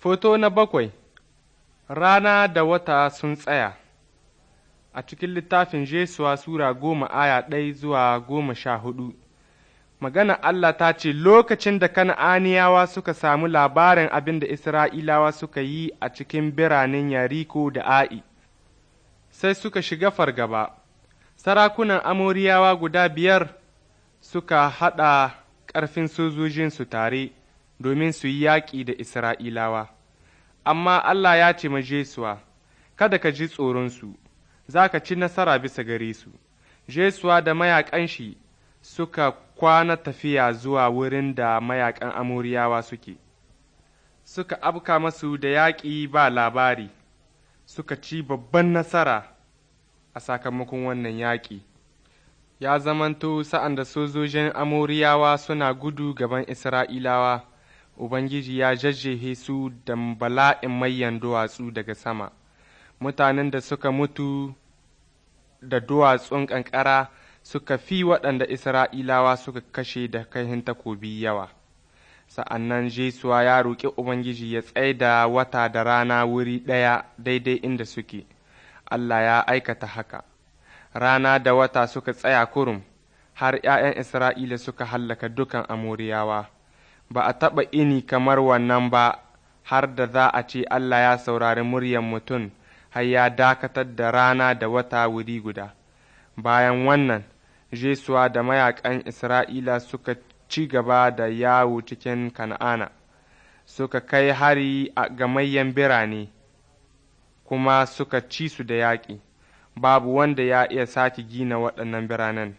Foto na bakwai Rana da wata sun tsaya A cikin littafin Jesuwa Sura goma aya ɗaya zuwa goma sha hudu, magana Allah ta ce, Lokacin da Kana'aniyawa suka samu labarin abin da Isra'ilawa suka yi a cikin biranen Yariko da A'i, sai suka shiga fargaba, sarakunan Amoriyawa guda biyar suka haɗa ƙarfin sojojinsu tare. domin su yi yaƙi da Isra'ilawa, amma Allah ya ce ma Jesuwa, Kada ka ji tsoronsu, za ka ci nasara bisa gare su. Jesuwa da mayaƙan shi suka kwana tafiya zuwa wurin da mayaƙan amuriyawa suke, suka abka masu da yaƙi ba labari, suka ci babban nasara a sakamakon wannan yaƙi. Ya zamanto sa'an da sojojin amuriyawa suna gudu gaban Isra'ilawa. Ubangiji ya jajjehe su da bala'in mayan duwatsu daga sama, mutanen da suka mutu da duwatsun ƙanƙara suka fi waɗanda Isra'ilawa suka kashe da kahin takobi yawa. Sa'an nan Jesuwa ya roƙi Ubangiji ya da wata da rana wuri ɗaya daidai inda suke, Allah ya aikata haka. Rana da wata suka tsaya kurum, har ’ya'yan Isra'ila suka hallaka dukan Amoriyawa. ba a taɓa ini kamar wannan ba har da za a ce Allah ya saurari muryan mutum har ya dakatar da rana da wata wuri guda. Bayan wannan, Jesuwa da mayakan Isra'ila suka ci gaba da yawo cikin Kan'ana, suka kai hari a gamayyan birane, kuma suka ci su da yaƙi, babu wanda ya iya sake gina waɗannan biranen.